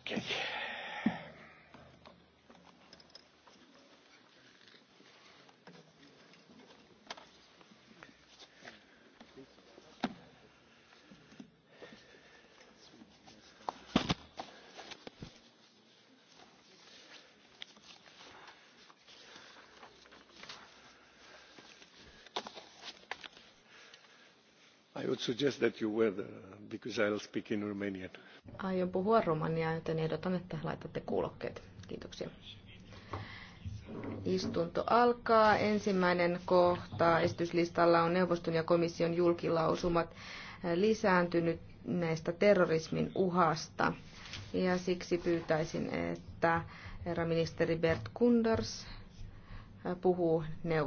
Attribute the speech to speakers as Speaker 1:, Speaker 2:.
Speaker 1: Okay.
Speaker 2: I would suggest that you wear the, because I'll speak in Romanian.
Speaker 3: Aion puhua romaniaa, joten ehdotan, että laitatte kuulokkeet. Kiitoksia. Istunto alkaa. Ensimmäinen kohta esityslistalla on neuvoston ja komission julkilausumat lisääntynyt näistä terrorismin uhasta. Ja siksi pyytäisin, että herra ministeri Bert Kunders puhuu neuvoston.